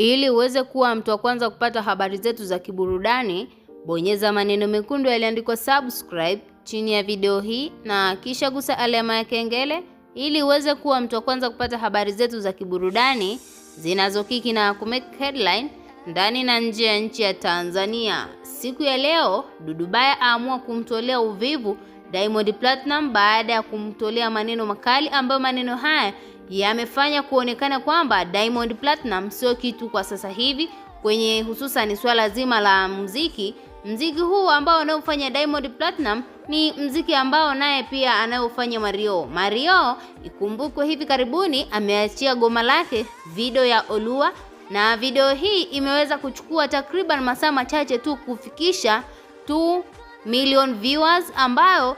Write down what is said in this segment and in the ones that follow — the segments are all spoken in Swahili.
Ili uweze kuwa mtu wa kwanza kupata habari zetu za kiburudani, bonyeza maneno mekundu yaliyoandikwa subscribe chini ya video hii na kisha gusa alama ya kengele ili uweze kuwa mtu wa kwanza kupata habari zetu za kiburudani zinazokiki na kumake headline ndani na nje ya nchi ya Tanzania. Siku ya leo, Dudubaya aamua kumtolea uvivu Diamond Platinum baada ya kumtolea maneno makali ambayo maneno haya yamefanya kuonekana kwamba Diamond Platinum sio kitu kwa sasa hivi kwenye hususan swala zima la muziki. Mziki huu ambao anaofanya Diamond Platinum ni mziki ambao naye pia anayofanya Mario. Mario ikumbukwe, hivi karibuni ameachia goma lake video ya Olua, na video hii imeweza kuchukua takriban masaa machache tu kufikisha 2 million viewers ambayo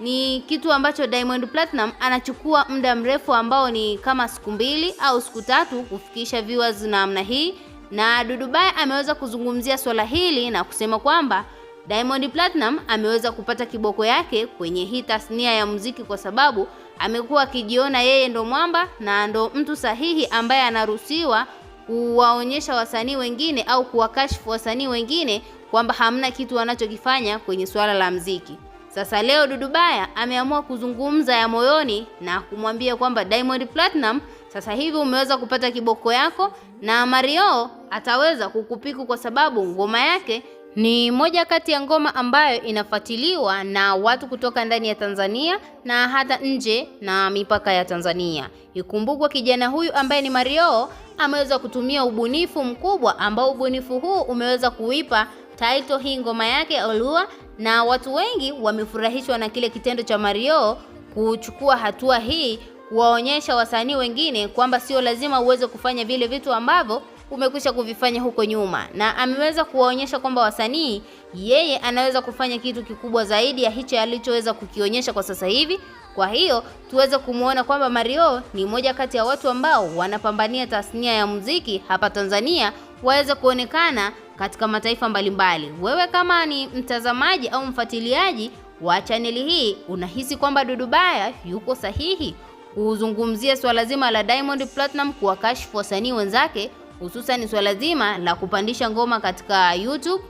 ni kitu ambacho Diamond Platinum anachukua muda mrefu ambao ni kama siku mbili au siku tatu kufikisha viewers namna hii, na Dudubai ameweza kuzungumzia swala hili na kusema kwamba Diamond Platinum ameweza kupata kiboko yake kwenye hii tasnia ya muziki kwa sababu amekuwa akijiona yeye ndo mwamba na ndo mtu sahihi ambaye anaruhusiwa kuwaonyesha wasanii wengine au kuwakashifu wasanii wengine kwamba hamna kitu wanachokifanya kwenye swala la mziki. Sasa leo dudubaya ameamua kuzungumza ya moyoni na kumwambia kwamba Diamond Platinum, sasa hivi umeweza kupata kiboko yako na Marioo ataweza kukupiku kwa sababu ngoma yake ni moja kati ya ngoma ambayo inafuatiliwa na watu kutoka ndani ya Tanzania na hata nje na mipaka ya Tanzania. Ikumbukwe kijana huyu ambaye ni Marioo ameweza kutumia ubunifu mkubwa ambao ubunifu huu umeweza kuipa Title hii ngoma yake Olua, na watu wengi wamefurahishwa na kile kitendo cha mario kuchukua hatua hii kuwaonyesha wasanii wengine kwamba sio lazima uweze kufanya vile vitu ambavyo umekwisha kuvifanya huko nyuma, na ameweza kuwaonyesha kwamba wasanii, yeye anaweza kufanya kitu kikubwa zaidi ya hicho alichoweza kukionyesha kwa sasa hivi. Kwa hiyo tuweze kumwona kwamba mario ni moja kati ya watu ambao wanapambania tasnia ya muziki hapa Tanzania waweze kuonekana katika mataifa mbalimbali. Wewe kama ni mtazamaji au mfuatiliaji wa chaneli hii, unahisi kwamba Dudubaya yuko sahihi kuzungumzia swala zima la Diamond Platinum kuwakashifu wasanii wenzake, hususan swala zima la kupandisha ngoma katika YouTube?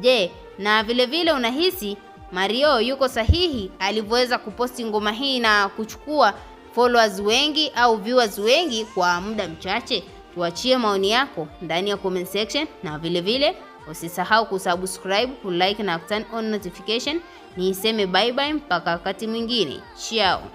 Je, na vilevile vile unahisi Mario yuko sahihi alivyoweza kuposti ngoma hii na kuchukua followers wengi au viewers wengi kwa muda mchache? Tuachie maoni yako ndani ya comment section, na vile vile usisahau kusubscribe, kulike na turn on notification. Niseme bye bye mpaka wakati mwingine, ciao.